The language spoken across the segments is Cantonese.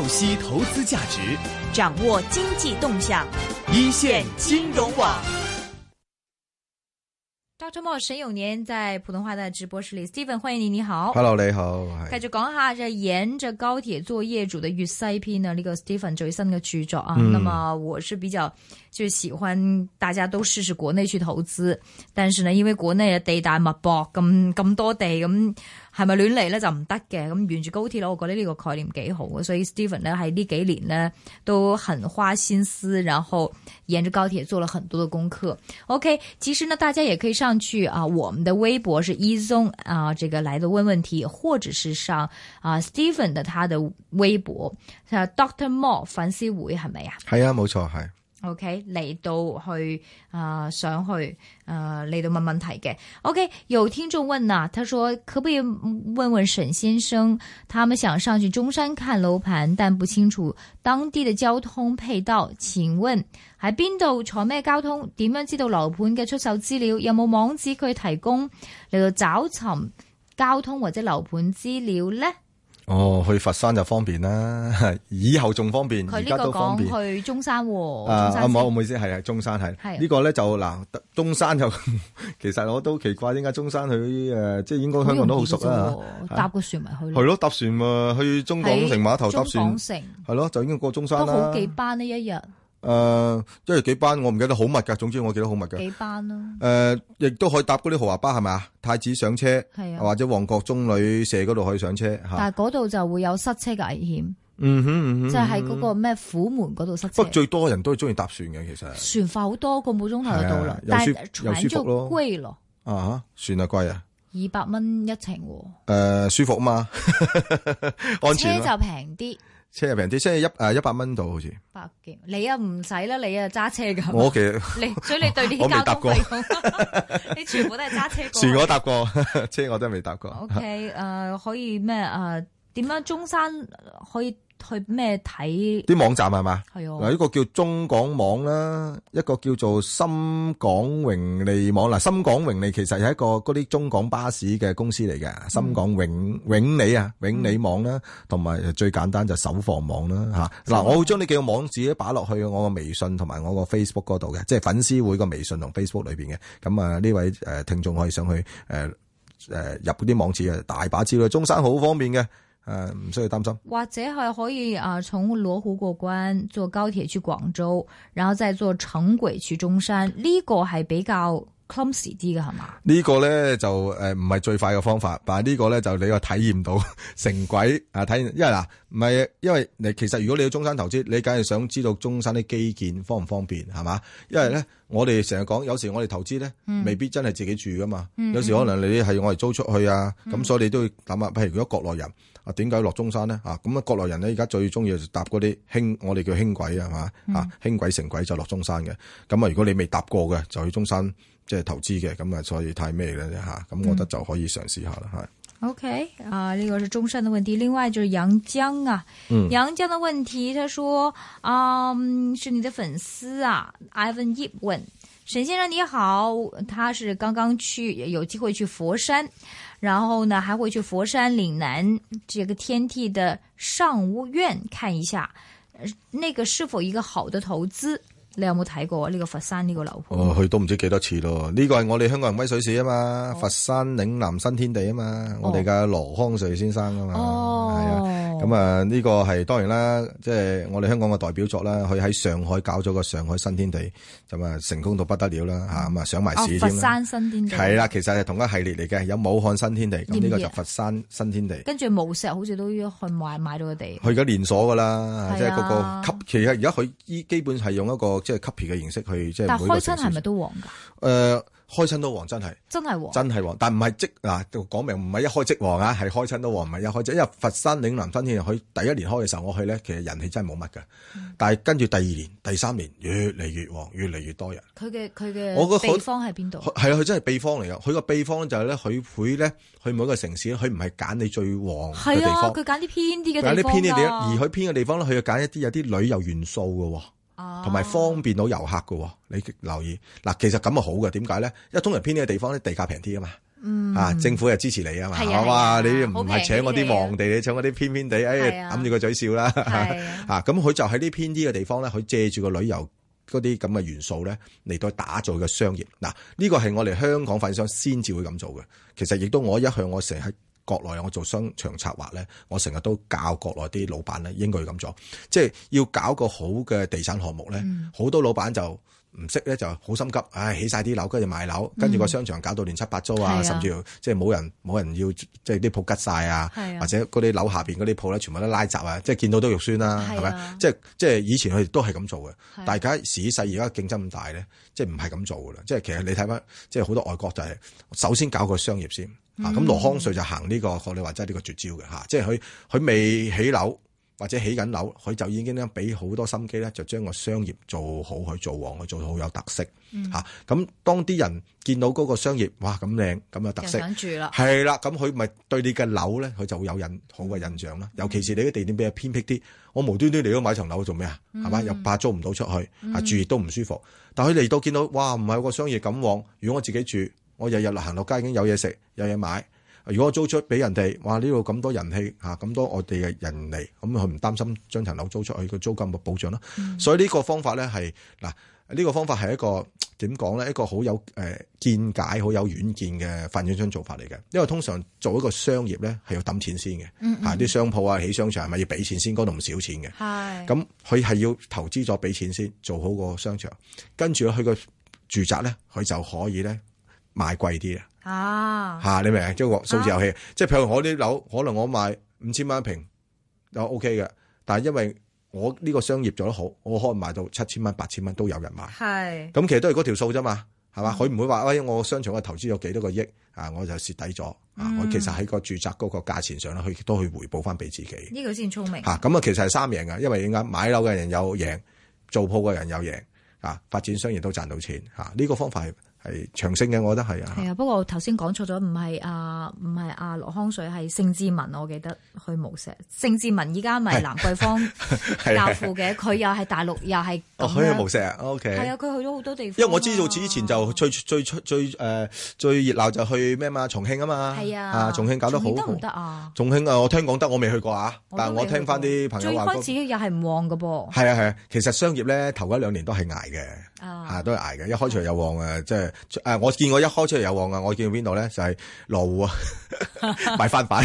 透析投資價值，掌握經濟動向。一線金融網 Doctor 沈永年在普通話的直播室裏 Stephen 歡迎你，你好。Hello，你好。繼續講下，就是沿着高鐵做業主的 U C I 呢呢、這個 Stephen 最新嘅取作啊。嗯、那麼我是比較就是、喜歡大家都試試國內去投資，但是呢，因為國內嘅地大物博咁咁多地咁。係咪亂嚟咧就唔得嘅？咁沿住高鐵咯，我覺得呢個概念幾好嘅。所以 Steven 呢，喺呢幾年呢，都很花心思，然後沿着高鐵做了很多嘅功課。OK，其實呢，大家也可以上去啊，我們嘅微博是伊、e、宗啊，這個來到問問題，或者是上啊 Steven 的他的微博，Doctor Mo 粉絲會係咪啊？係啊，冇錯係。OK 嚟到去誒、呃，想去誒嚟、呃、到問問題嘅。OK 有聽眾問啊，他說，可唔可以問問沈先生，他們想上去中山看樓盤，但不清楚當地的交通配套，請問喺邊度坐咩交通？點樣知道樓盤嘅出售資料？有冇網址佢提供嚟到找尋交通或者樓盤資料呢？哦，去佛山就方便啦，以後仲方便。佢呢這個都方便。去中山喎。啊，啊好唔、啊、好意思，係啊，中山係。係、啊啊、呢個咧就嗱，中山就其實我都奇怪，點解中山佢誒、呃，即係應該香港都好熟啊。搭個船咪去咯。係咯、啊，搭船、啊、船嘛，去中港城碼頭搭船。係咯、啊，就已經過中山啦。好幾班呢、啊、一日。誒，一日、呃、幾班？我唔記得好密噶，總之我記得好密噶。幾班咯、啊？誒、呃，亦都可以搭嗰啲豪華巴係咪啊？太子上車，係啊，或者旺角中旅社嗰度可以上車。但係嗰度就會有塞車嘅危險、嗯。嗯哼即係喺嗰個咩虎門嗰度塞車。不過、嗯嗯、最多人都係中意搭船嘅，其實。船快好多個半鐘頭就到啦，啊、但係又，又舒服咯，貴咯。啊吓，船啊貴啊，二百蚊一程、哦。誒、呃，舒服啊嘛， 安全嘛車就平啲。車平啲，車係一誒一百蚊度好似。百幾，你啊唔使啦，你啊揸車㗎。我屋企，所以你對啲交通費用， 你全部都係揸車過。全部搭過，車我都未搭過。O K，誒，可以咩？誒、呃，點樣中山可以？去咩睇啲網站係嘛？係嗱，呢、啊、個叫中港網啦，一個叫做深港榮利網。嗱，深港榮利其實係一個嗰啲中港巴士嘅公司嚟嘅。深港榮榮利啊，榮利網啦，同埋、嗯、最簡單就首航網啦，吓嗱、嗯啊，我會將呢幾個網址擺落去我個微信同埋我個 Facebook 嗰度嘅，即係粉絲會個微信同 Facebook 裏邊嘅。咁啊，呢位誒聽眾可以上去誒誒、呃、入嗰啲網址嘅，大把之嘅，中山好方便嘅。誒，唔需要擔心。或者係可以啊，從羅湖過關，坐高鐵去廣州，然後再坐城軌去中山呢個係比較。clumsy 啲嘅係嘛？個呢個咧就誒唔係最快嘅方法，但、這、係、個、呢個咧就你又體驗到城軌啊，體驗因為嗱唔係因為你其實如果你去中山投資，你梗係想知道中山啲基建方唔方便係嘛？因為咧我哋成日講，有時我哋投資咧未必真係自己住噶嘛，嗯、有時可能你係用嚟租出去啊，咁、嗯、所以你都要諗下，譬如如果國內人啊，點解要落中山咧啊？咁啊，國內人咧而家最中意就搭嗰啲輕，我哋叫輕軌啊係嘛，啊輕軌城軌就落中山嘅。咁啊，如果你未搭過嘅，就去中山。即係投資嘅咁啊，所以太咩啦嚇，咁、啊、我覺得就可以嘗試下啦，係、嗯。O K 啊，呢、okay, 呃這個是中山嘅問題，另外就係楊江啊，楊、嗯、江嘅問題，佢話，嗯、呃，是你的粉絲啊，Ivan Yip 問，沈先生你好，他是剛剛去有機會去佛山，然後呢，還會去佛山嶺南這個天地的尚屋苑看一下，那個是否一個好的投資？你有冇睇過呢個佛山呢個樓盤？去、哦、都唔知幾多次咯。呢、這個係我哋香港人威水史啊嘛，哦、佛山嶺南新天地啊嘛，哦、我哋嘅羅康瑞先生啊嘛，哦，係啊。咁、這、啊、個，呢個係當然啦，即、就、係、是、我哋香港嘅代表作啦。佢喺上海搞咗個上海新天地，咁、就、啊、是、成功到不得了啦。吓咁啊，上埋市先啦、哦。佛山新天地係啦、啊，其實係同一系列嚟嘅，有武漢新天地，咁呢厭個就佛山新天地。跟住無錫好似都要去買買到個地。佢而家連鎖噶啦，啊、即係、那個個吸。其實而家佢依基本係用一個。即係 copy 嘅形式去，即係每個城市。但係開親係咪都旺噶？誒、呃，開親都旺，真係真係旺，真係旺。但唔係即嗱，講明唔係一開即旺啊，係開親都旺，唔係一開即。因為佛山嶺南新天，佢第一年開嘅時候我去咧，其實人氣真係冇乜噶。但係跟住第二年、第三年越嚟越旺，越嚟越，越，越多人。佢嘅佢嘅我嘅秘方喺邊度？係啊，佢真係秘方嚟噶。佢個秘方就係咧，佢會咧去每個城市，佢唔係揀你最旺嘅地方，佢揀啲偏啲偏嘅地方噶。而佢偏嘅地方咧，佢要揀一啲有啲旅遊元素嘅。同埋方便到遊客嘅，你留意嗱，其實咁啊好嘅，點解咧？因為通常偏啲嘅地方咧，地價平啲啊嘛，嚇、嗯啊、政府又支持你啊嘛，哇！你唔係請我啲旺地，啊、你請我啲偏偏地，哎，揞住個嘴笑啦嚇，咁佢就喺呢偏啲嘅地方咧，佢借住個旅遊嗰啲咁嘅元素咧，嚟到打造佢嘅商業。嗱、啊，呢個係我哋香港發展商先至會咁做嘅，其實亦都我一向我成日。國內我做商場策劃咧，我成日都教國內啲老闆咧，應該要咁做，即係要搞個好嘅地產項目咧，好多老闆就唔識咧，就好心急，唉，起晒啲樓，跟住賣樓，跟住個商場搞到亂七八糟啊，甚至即係冇人冇人要，即係啲鋪吉晒啊，或者嗰啲樓下邊嗰啲鋪咧全部都拉閘啊，即係見到都肉酸啦，係咪？即係即係以前佢哋都係咁做嘅，但係時勢而家競爭咁大咧，即係唔係咁做嘅啦。即係其實你睇翻，即係好多外國就係首先搞個商業先。啊！咁羅、嗯、康瑞就行呢、這個我哋話齋呢個絕招嘅嚇，即係佢佢未起樓或者起緊樓，佢就已經咧俾好多心機咧，就將個商業做好，佢做旺，佢做到好有特色嚇。咁、啊、當啲人見到嗰個商業，哇咁靚咁有特色，住啦，係啦，咁佢咪對你嘅樓咧，佢就會有印好嘅印象啦。嗯、尤其是你啲地點比較偏僻啲，我無端端嚟到買層樓做咩啊？係嘛，又怕租唔到出去，啊，住亦都唔舒服。嗯、但佢嚟到見到哇，唔係有個商業咁旺，如果我自己住。我日日行落街已經有嘢食，有嘢買。如果租出俾人哋，哇呢度咁多人氣，吓、啊、咁多我哋嘅人嚟，咁佢唔擔心將層樓租出去，個租金嘅保障咯。嗯、所以呢個方法咧係嗱，呢、呢個方法係一個點講咧，一個好有誒、呃、見解、好有遠見嘅發展商做法嚟嘅。因為通常做一個商業咧係要揼錢先嘅，嚇啲、嗯嗯、商鋪啊、起商場咪要俾錢先，嗰度唔少錢嘅。係咁佢係要投資咗俾錢先做好個商場，跟住佢個住宅咧，佢就可以咧。賣貴啲啊！吓、 啊、你明唔明啊，即、這、係個數字遊戲，即係譬如我啲樓，可能我賣五千蚊一平又 OK 嘅，但係因為我呢個商業做得好，我可以賣到七千蚊、八千蚊都有人買。係咁是，其實都係嗰條數啫嘛，係嘛？佢唔會話喂、哎，我商場我投資咗幾多個億啊，我就蝕底咗啊！嗯、我其實喺個住宅嗰個價錢上咧，亦都去回報翻俾自己。呢個先聰明吓，咁啊，其實係三贏噶，因為點解買樓嘅人有贏，做鋪嘅人有贏啊，發展商亦都賺到錢吓，呢、啊這個方法係。係長勝嘅，我覺得係啊。係啊，不過頭先講錯咗，唔係阿唔係阿羅康瑞，係盛志文，我記得去無錫。盛志文依家咪蘭桂坊 教父嘅，佢又係大陸，又係哦去無錫啊。O K。係、 哦 okay. 啊，佢去咗好多地方、啊。因為我知道之前就最最最誒最熱鬧、呃、就去咩嘛重慶啊嘛。係啊，啊，重慶搞得好。得唔得啊？重慶啊，我聽講得，我未去過啊。但係我聽翻啲朋友最開始又係唔旺嘅噃。係啊係啊，其實商業咧頭一兩年都係挨嘅，吓、啊啊、都係挨嘅。一開場又旺啊，即、就、係、是。誒、啊，我見過一開出嚟有旺噶我見邊度咧就係羅湖啊，賣翻版。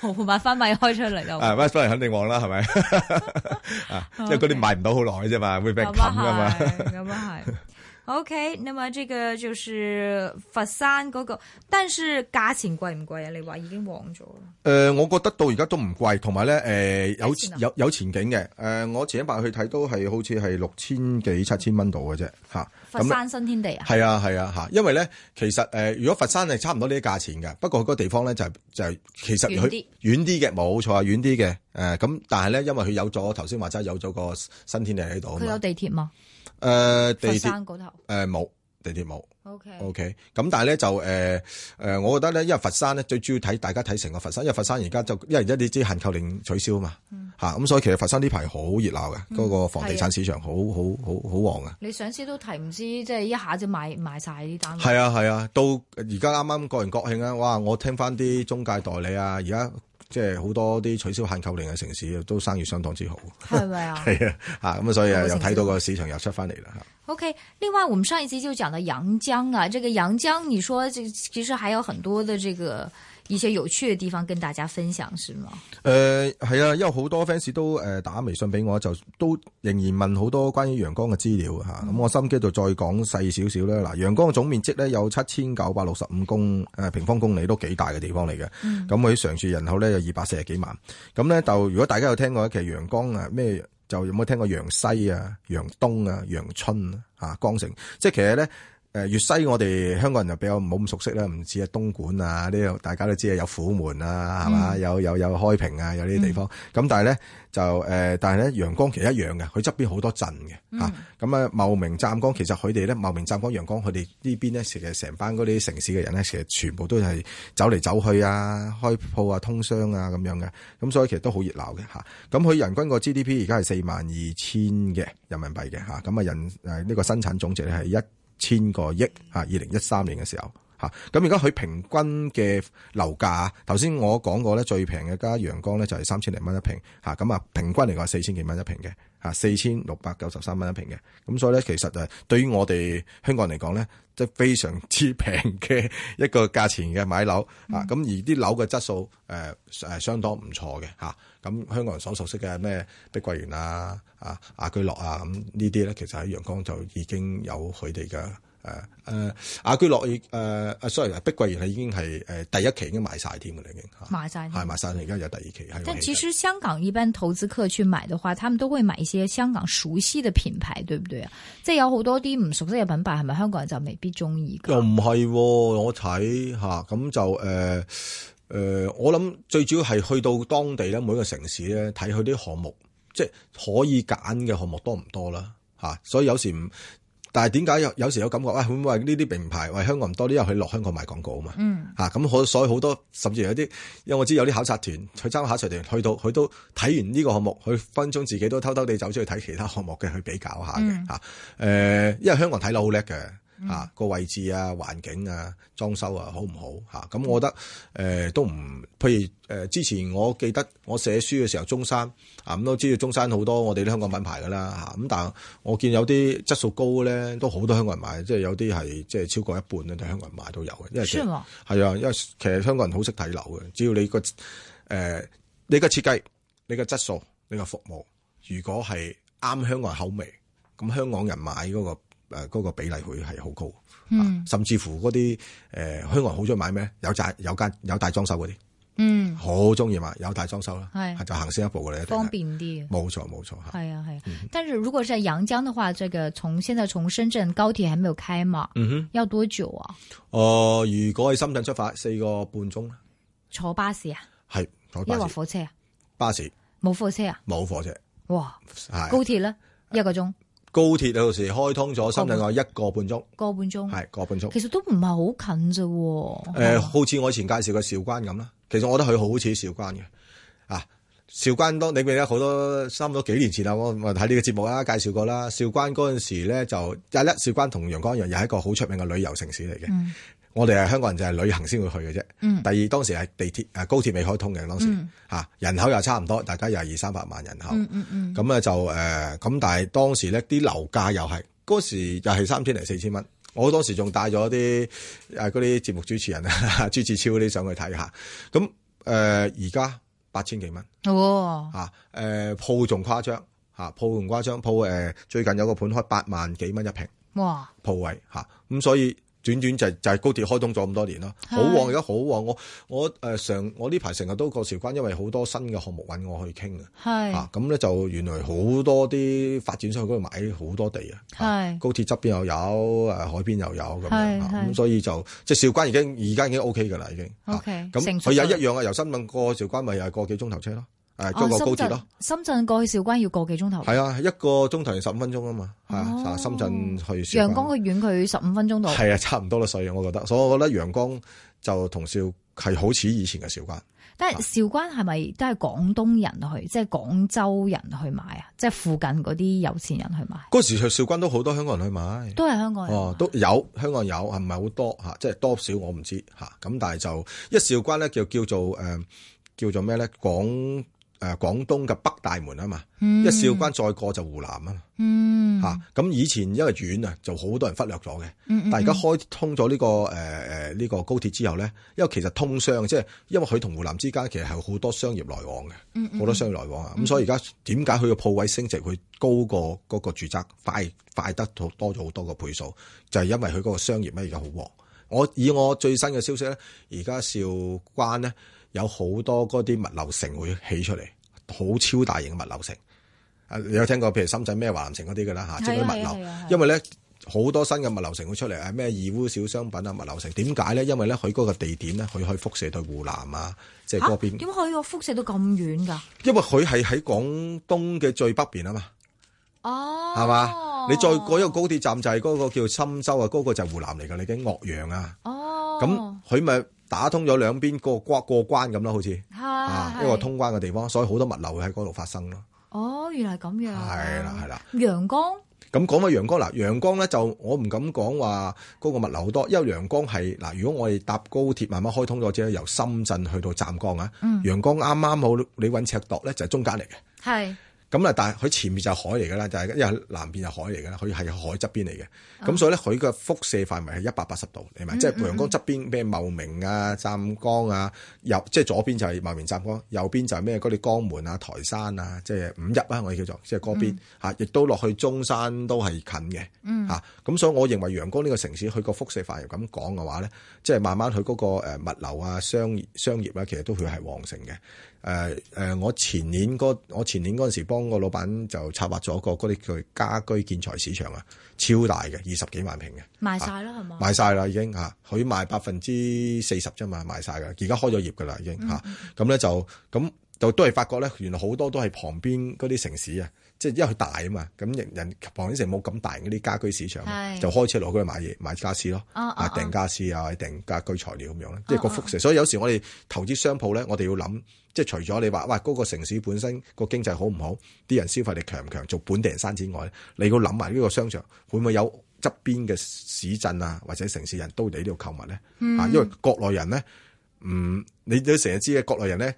羅湖賣翻版開出嚟又旺，Weston 肯定旺啦，係咪？ 啊，因為嗰啲賣唔到好耐啫嘛，會俾人冚噶嘛咁啊係。O、okay, K，那麼這個就是佛山嗰，那個，但是價錢貴唔貴啊？你話已經旺咗誒、呃，我覺得到而家都唔貴，同埋咧，誒、呃、有有有前景嘅。誒、呃，我前一排去睇都係好似係六千幾、七千蚊度嘅啫，吓、啊。佛山新天地啊？係啊係啊吓，因為咧其實誒、呃，如果佛山係差唔多呢啲價錢嘅，不過個地方咧就是、就是、其實佢遠啲嘅，冇錯啊，遠啲嘅。誒，咁但係咧，因為佢有咗頭先話齋有咗個新天地喺度。佢有地鐵嘛？誒、呃，地鐵誒冇，地鐵冇。O K O K，咁但係咧就誒誒、呃，我覺得咧，因為佛山咧最主要睇大家睇成個佛山，因為佛山而家就因為而家你知限購令取消嘛，吓咁、嗯啊、所以其實佛山呢排好熱鬧嘅，嗰、嗯、個房地產市場、嗯、好好好好旺啊。你上次都提唔知即係、就是、一下就買買晒啲單。係啊係啊，到而家啱啱過完國慶啊，哇！我聽翻啲中介代理啊，而家。即係好多啲取消限購令嘅城市都生意相當之好吧，係咪 啊？係、嗯、啊，嚇咁所以又睇到個市場又出翻嚟啦。OK，另外，我們上一集就講到陽江啊，這個陽江，你說，其實還有很多的這個。一些有趣嘅地方跟大家分享，是嗎？誒、呃，係啊，因為好多 fans 都誒打微信俾我，就都仍然問好多關於陽江嘅資料吓。咁、嗯啊、我心機度再講細少少啦。嗱、啊，陽江嘅總面積咧有七千九百六十五公誒平方公里，都幾大嘅地方嚟嘅。咁佢、嗯嗯、常住人口咧有二百四十幾萬。咁咧就如果大家有聽過，其實陽江啊咩，就有冇聽過陽西啊、陽東啊、陽春啊、吓、啊、江城，即、啊、係其實咧。誒，粵西我哋香港人就比較唔好咁熟悉啦，唔似啊東莞啊呢個，大家都知啊有虎門啊，係嘛有有有開平啊，有呢啲地方咁、嗯。但係咧就誒，但係咧陽江其實一樣嘅，佢側邊好多鎮嘅吓。咁啊，茂名、湛江其實佢哋咧，茂名、湛江、陽江佢哋呢邊咧，其實成班嗰啲城市嘅人咧，其實全部都係走嚟走去啊，開鋪啊，通商啊咁樣嘅。咁、啊、所以其實都好熱鬧嘅吓。咁、啊、佢人均個 G D P 而家係四萬二千嘅人民幣嘅吓。咁啊人誒呢、啊啊這個生產總值係一。千個億嚇，二零一三年嘅時候嚇，咁而家佢平均嘅樓價，頭先我講過咧，最平嘅家陽江咧，就係三千零蚊一平嚇，咁啊平均嚟講四千幾蚊一平嘅嚇，四千六百九十三蚊一平嘅，咁所以咧其實誒對於我哋香港人嚟講咧，即係非常之平嘅一個價錢嘅買樓嚇，咁、嗯、而啲樓嘅質素誒誒相當唔錯嘅嚇，咁香港人所熟悉嘅咩碧桂園啊。啊！雅居樂啊，咁、嗯、呢啲咧，其實喺陽江就已經有佢哋嘅誒誒雅居樂已誒啊，啊，啊，sorry 碧桂園已經係誒第一期已經賣晒添㗎喇，已經賣晒。係、啊、賣晒，而家有第二期。但其實香港一般投資客去買嘅話，他們都會買一些香港熟悉嘅品牌，對唔對啊？即係有好多啲唔熟悉嘅品牌，係咪香港人就未必鍾意？又唔係、啊，我睇吓咁就誒誒、呃呃，我諗最主要係去到當地咧，每一個城市咧睇佢啲項目。即係可以揀嘅項目多唔多啦嚇、啊，所以有時唔，但係點解有有時有感覺，喂、哎、會唔會呢啲名牌，喂、哎、香港唔多啲，因為佢落香港賣廣告啊嘛，嚇咁好，所以好多甚至有啲，因為我知有啲考察團，佢參加考察團去到，佢都睇完呢個項目，佢分分鐘自己都偷偷地走出去睇其他項目嘅，去比較下嘅嚇，誒、啊嗯啊，因為香港睇樓好叻嘅。嗯、啊，個位置啊、環境啊、裝修啊，好唔好吓？咁、啊嗯、我覺得誒、呃、都唔，譬如誒、呃、之前我記得我寫書嘅時候，中山啊咁都知道中山好多我哋啲香港品牌㗎啦吓。咁、啊、但係我見有啲質素高咧，都好多香港人買，即係有啲係即係超過一半咧，都香港人買都有嘅。係嗎啊，因為其實香港人好識睇樓嘅，只要你個誒、呃、你嘅設計、你嘅質素、你嘅服務，如果係啱香港人口味，咁香港人買嗰、那個。誒，嗰、呃，那個比例佢係好高，嗯啊，甚至乎嗰啲誒，香港人好中意買咩？有宅、有間、有大裝修嗰啲，嗯，好中意買有大裝修啦，係是就行先一步嘅咧，方便啲，冇錯冇錯吓，係啊係啊，啊。但是如果係陽江嘅話，這個從現在從深圳高鐵還沒有開嘛，嗯哼要多久啊？誒、呃，如果喺深圳出發，四個半鐘，坐巴士啊，係坐巴士，火車，巴士冇火車啊，冇火車，哇，高鐵呢，一個鐘。高鐵到時開通咗深圳外一個半鐘，個半鐘係個半鐘，其實都唔係好近咋？誒、呃，好似我以前介紹過韶關咁啦，其實我覺得佢好似韶關嘅啊，韶關當你記唔得好多差唔多幾年前啊，我咪睇呢個節目啦，介紹過啦，韶關嗰陣時咧就一一韶關同陽江一又係一個好出名嘅旅遊城市嚟嘅。嗯我哋係香港人，就係旅行先會去嘅啫。嗯、第二，當時係地鐵誒高鐵未開通嘅，當時吓、嗯、人口又差唔多，大家又係二三百萬人口。咁咧就誒，咁、呃、但係當時咧啲樓價又係嗰時又係三千零四千蚊。我當時仲帶咗啲誒嗰啲節目主持人、啊、朱志超啲上去睇下。咁誒而家八千幾蚊哦吓誒鋪仲誇張吓鋪仲誇張鋪誒最近有個盤開八萬幾蚊一平哇鋪位吓咁所以。轉轉就就係高鐵開通咗咁多年啦，好是旺，而家好旺。我我誒上、呃、我呢排成日都過韶關，因為好多新嘅項目揾我去傾是啊。係啊，咁咧就原來好多啲發展商去嗰度買好多地啊。係是高鐵側邊又有誒、啊、海邊又有咁樣，咁、啊啊、所以就即係韶關已經而家已經 OK 㗎啦，已經 OK、啊。咁佢有一樣啊，由深圳過韶關咪又係個幾鐘頭車咯。誒，坐高鐵咯，哦，深圳過去韶關要過幾個幾鐘頭？係啊，一個鐘頭十五分鐘啊嘛，啊，深圳去陽江佢遠佢十五分鐘度，係啊，差唔多啦。所以我覺得，所以我覺得陽江就同韶係好似以前嘅韶關。但係韶關係咪都係廣東人去，即係廣州人去買啊？即係附近嗰啲有錢人去買。嗰時去韶關都好多香港人去買，都係香港人哦，都有香港有，係唔係好多吓？即係多少我唔知吓。咁但係就一韶關咧，就叫做誒，叫做咩咧？廣。誒、呃、廣東嘅北大門啊嘛，嗯、一韶關再過就湖南、嗯、啊嘛，嚇咁以前因為遠啊，就好多人忽略咗嘅。嗯嗯、但係而家開通咗呢、呢個誒誒呢個高鐵之後咧，因為其實通商即係、就係、因為佢同湖南之間其實係好多商業來往嘅，好、嗯嗯、多商業來往啊。咁、嗯嗯、所以而家點解佢嘅鋪位升值會高過嗰個住宅快快得多咗好多個倍數？就係、係、因為佢嗰個商業咧而家好旺。我以我最新嘅消息咧，而家韶關咧，有好多嗰啲物流城會起出嚟，好超大型嘅物流城。誒、啊，你有聽過譬如深圳咩華南城嗰啲噶啦吓，即係、啊、物流。啊啊啊、因為咧好多新嘅物流城會出嚟，係咩義烏小商品啊，物流城。點解咧？因為咧佢嗰個地點咧，佢可以輻射到湖南啊，即係嗰邊。點解佢啊？輻射到咁遠噶？因為佢係喺廣東嘅最北邊啊嘛。哦、啊。係嘛？你再過一個高鐵站就係嗰個叫郴州、那個那個叫那個、叫啊，嗰個就係湖南嚟噶，你啲岳陽啊。咁佢咪打通咗兩邊個關過關咁咯，好似一個通關嘅地方，所以好多物流會喺嗰度發生咯。哦，原來係咁樣。係啦係啦。陽江，咁講返陽江嗱，陽江咧就我唔敢講話嗰個物流好多，因為陽江係嗱，如果我哋搭高鐵慢慢開通咗之後，由深圳去到湛江啊，陽江啱啱好你搵赤度咧就係中間嚟嘅。係。咁啊！但係佢前面就係海嚟噶啦，就係因為南邊就海嚟噶啦，佢係海側邊嚟嘅。咁所以咧，佢嘅輻射範圍係一百八十度，你明？Mm hmm. 即係陽江側邊咩？茂名啊、湛江啊，右即係左邊就係茂名湛江，右邊就係咩？嗰啲江門啊、台山啊，即係五邑啊，我哋叫做即係嗰邊、mm hmm. 亦都落去中山都係近嘅嚇。咁、mm hmm. 啊、所以我認為陽江呢個城市，佢個輻射範圍咁講嘅話咧，即係慢慢佢嗰個物流啊、商業商業啦，其實都佢係旺盛嘅。誒誒、呃，我前年嗰我前年嗰陣時幫個老闆就策劃咗個嗰啲叫家居建材市場啊，超大嘅二十幾萬平嘅，賣晒啦係嘛？賣晒啦已經嚇，佢賣百分之四十啫嘛，賣晒㗎，而家開咗業㗎啦已經嚇，咁咧就咁就都係發覺咧，原來好多都係旁邊嗰啲城市啊。即係因為佢大啊嘛，咁人人旁邊城冇咁大嗰啲家居市場，是就開車落去嗰度買嘢買家俬咯，啊訂傢俬啊，定家俱材料咁樣咯，即係個輻射。所以有時我哋投資商鋪咧，我哋要諗，即係除咗你話嘩嗰個城市本身個經濟好唔好，啲人消費力強唔強，做本地人生意之外，你要諗埋呢個商場會唔會有側邊嘅市鎮啊，或者城市人都嚟呢度購物咧？啊，mm. 因為國內人咧，嗯，你都成日知嘅國內人咧。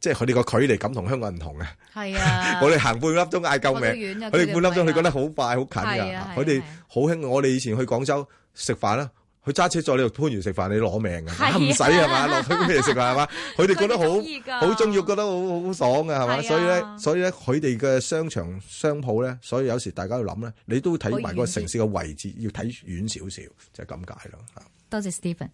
即係佢哋個距離感同香港唔同嘅，係啊！我哋行半粒鐘嗌救命，佢哋半粒鐘佢覺得好快好近啊！佢哋好興，我哋以前去廣州食飯啦，佢揸車坐你度番禺食飯，你攞命㗎，唔使係嘛？落去咁嚟食飯係嘛？佢哋覺得好好中意，覺得好好爽㗎係嘛？所以咧，所以咧，佢哋嘅商場商鋪咧，所以有時大家要諗咧，你都睇埋個城市嘅位置，要睇遠少少，就係咁解咯。多謝 Stephen。